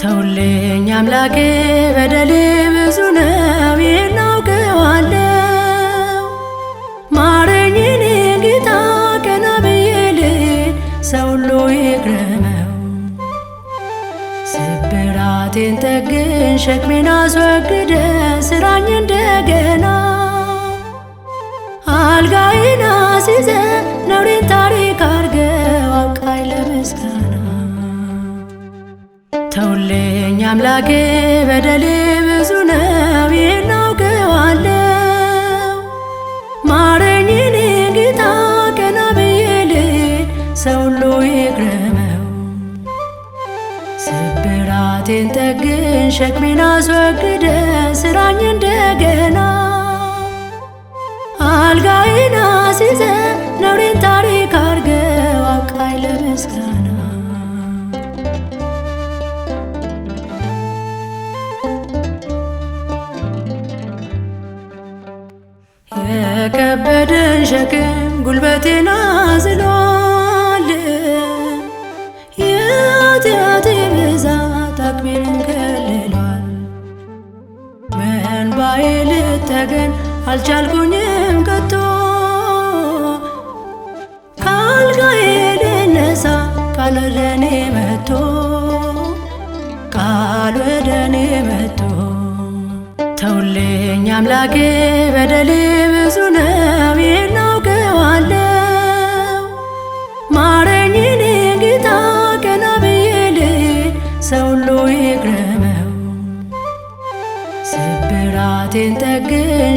ተውልኝ አምላኬ በደሌ ብዙ ነው። ሰው ሁሉ ይግረመው። ስብራቴን ጠግን ሸክሜን አስወግደ ስራኝ እንደገና አልጋዬን አስይዘ ነውሬን ታሪክ አርገው አብቃኝ ለምስጋና። ተውልኝ አምላኬ በደሌ ብዙ ነው ሸክሜን አስወግደ ስራኝ እንደገና አልጋዬን አስይዘ ነውሬን ታሪክ አርገ አብቃኝ ለምስጋና የከበደን ሸክም ጉልበቴን አዝሏል አቅሜን ከአምባዬ ልጠገን አልቻልኩኝም ከቶ ካልጋዬ ልነሳ ቃል ወደኔ መቶ መጥቶ ቃል ወደ እኔ ተውልኝ አምላኬ በደሌ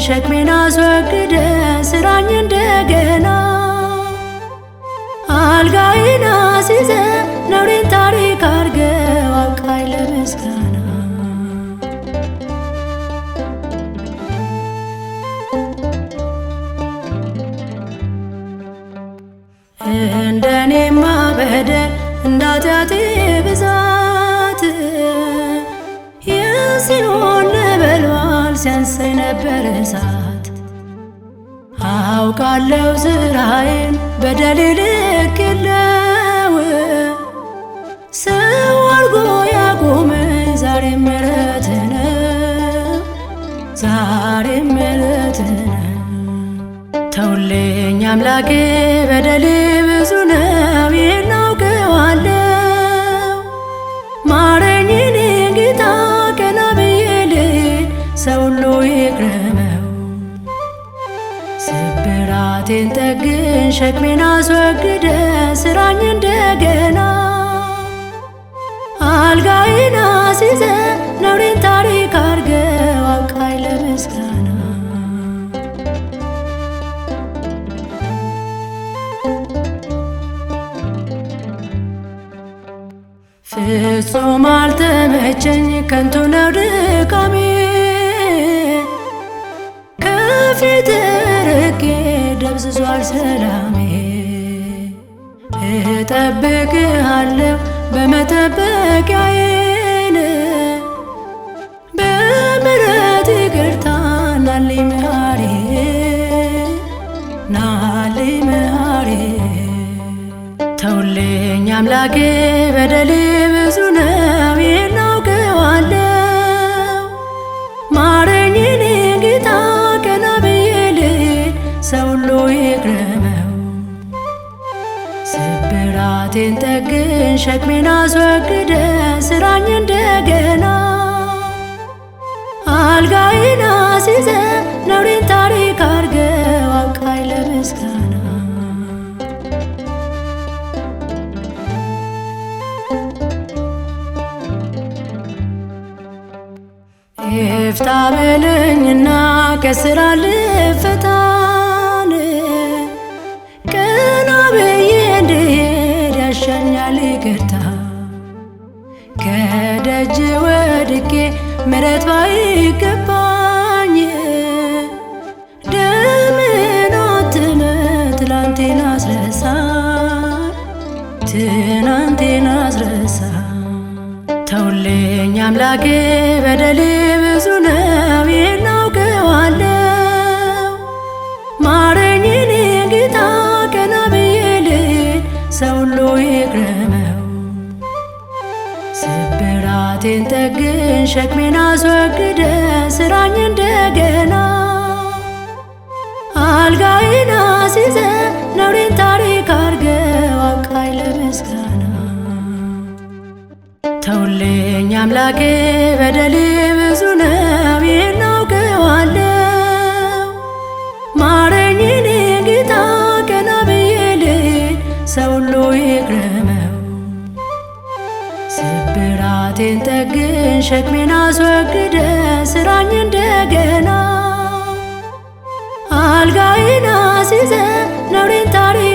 ሸክሜን አስወግደ ስራኝ እንደገና አልጋዬን አስይዘ ነውሬን ታሪክ አርገ አብቃኝ ለምስጋና እንደኔማ በደል እንዳትያቴ ሲያንሰኝ ነበር እሳት አውቃለው ዝራዬን በደሌ ልክ የለው ሰው አድርጎ ዛሬ ነው ዛሬ ነው ተውልኝ አምላኬ በደሌ ብራቴን ጠግን ሸክሜን አስወግደ ስራኝ እንደገና አልጋዬን አስይዘ ነውሬን ታሪክ አርገ አብቃኝ ለምስጋና ፍጹም አልተመቸኝ ከንቱ ነው ድካሜ ሰላሜ እጠብቅሃለሁ በመጠበቂያዬ በምሕረት ይቅርታ ናልኝ መሐሪዬ ናልኝ ተውልኝ አምላኬ በደሌ ብዙ ነው ቁመቴን ጠግን ሸክሜን አስወግደ ስራኝ እንደገና አልጋዬን አስይዘ ነውሬን ታሪክ አርገ ዋቃይ ለምስጋና ይፍታ በለኝና ከስራ ልፈታል ቀና ብዬ ይመሸኛል ይቅርታ ከደጅ ወድቄ ምረት ባይገባኝ ደምኖት ትላንቴን አስረሳ ትናንቴን አስረሳ ተውልኝ አምላኬ በደሌ ብዙ ነው ሰው ሁሉ ይግረመው። ስብራቴን ጠግን ሸክሜን አስወግደ ስራኝ እንደገና አልጋዬን አስይዘ ነውሬን ታሪክ አርገው አብቃኝ ለምስጋና ተውልኝ አምላኬ በደሌ ሸክሜን አስወግደ ስራኝ እንደገና አልጋዬን ነውሬን